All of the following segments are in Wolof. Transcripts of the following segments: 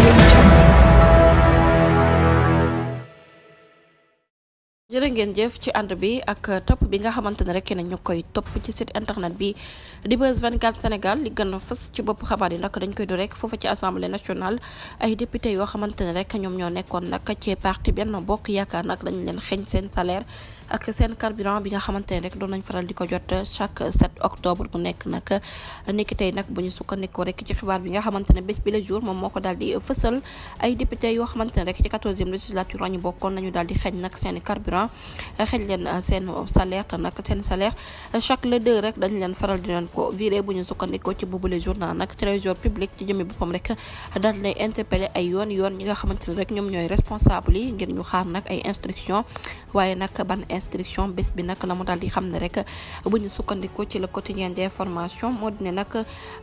you. jërë ngeen jëf ci ànd bi ak topp bi nga xamante ne rek nañ ñu koy topp ci site internet bi di Buzz 24 Sénégal li gën a fës ci bopp xabaar yi nag dañ koy do rek foofa ci assemblée nationale ay député yoo xamante ne rek ñoom ñoo nekkoon nag ci parti benn bokk yaakaar nag dañ leen xeeñ seen salaire ak seen carburant bi nga xamante ne rek doon nañ faral di ko jot chaque 7 octobre bu nekk nag niki tey nag bu ñu sukkandikoo rek ci xibaar bi nga xamante ne bés bi la moom moo ko daal di fësal ay député yoo xamante ne e législature ñu bokkoon ah xëj leen seen salaire te nag seen salaire chaque le deux rek dañ leen faral di leen ko viré bu ñu sukkandikoo ci boobule journal nag trésor public ci jëmmi boppam rek daal lay interpellé ay yoon yoon ñi nga xamante ne rek ñoom ñooy responsable yi ngir ñu xaar nag ay instruction waaye nag ban instruction bés bi nag la mu daal di xam ne rek bu ñu sukkandikoo ci le quotidien d'information moo di ne nag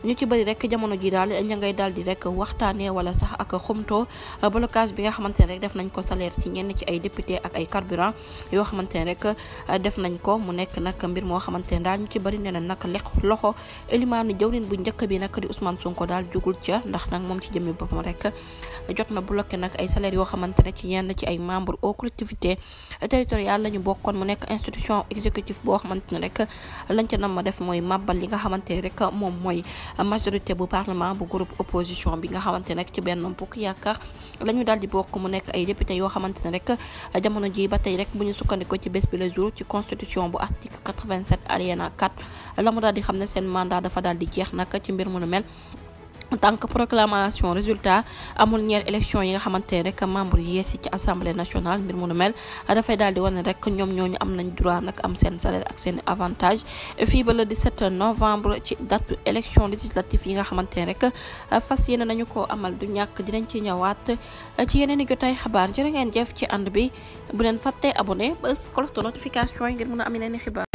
ñu ci bëri rek jamono ji daal ña ngay daal di rek waxtaanee wala sax ak xumtoo blocage bi nga xamante ne rek def nañ ko salaire ci ñenn ci ay député ak ay carburant yoo xamante ne rek euh, def nañ ko mu nekk nag mbir moo xamante ne daal ñu ci bëri nee na nag lekk loxo elimaanu jawrin bu njëkk bi nag di Ousmane Sonko daal jugul ca ndax nag moom ci jëmmi boppam rek euh, jot na bloqué nag ay salaire yoo xamante ne ci yenn ci ay membre aux collectivités euh, territoriales la ñu bokkoon mu nekk institution exécutive boo xamante ne rek lañ ca nam ma def mooy màbbal li nga xamante ne rek moom mooy majorité bu parlement bu groupe opposition bi nga xamante ne rek ci benn bokk yaakaar la ñu daal di bokk mu nekk ay député yoo xamante ne rek jamono ji ba tey rek bu ñu sukkandikoo ci bés bi le jour ci constitution bu article 87 alinéa 4 la mu daal di xam mandat dafa daal di jeex nag ci mbir mu nu mel. tant que proclamation résultat amul ñeel élection yi nga xamante ne rek membre yi ci assemblée nationale mbir mu mel dafay daal di wane rek ñoom ñooñu am nañ droit nag am seen salaire ak seen avantage fii ba novembre ci date élection législative yi nga xamante rek fas yéene nañu ko amal du ñàkk dinañ ci ñëwaat ci yeneen i jotaay xabaar jërë ngeen jëf ci ànd bi bu leen fàttee abonné ba cloche de notification yi ngir mën a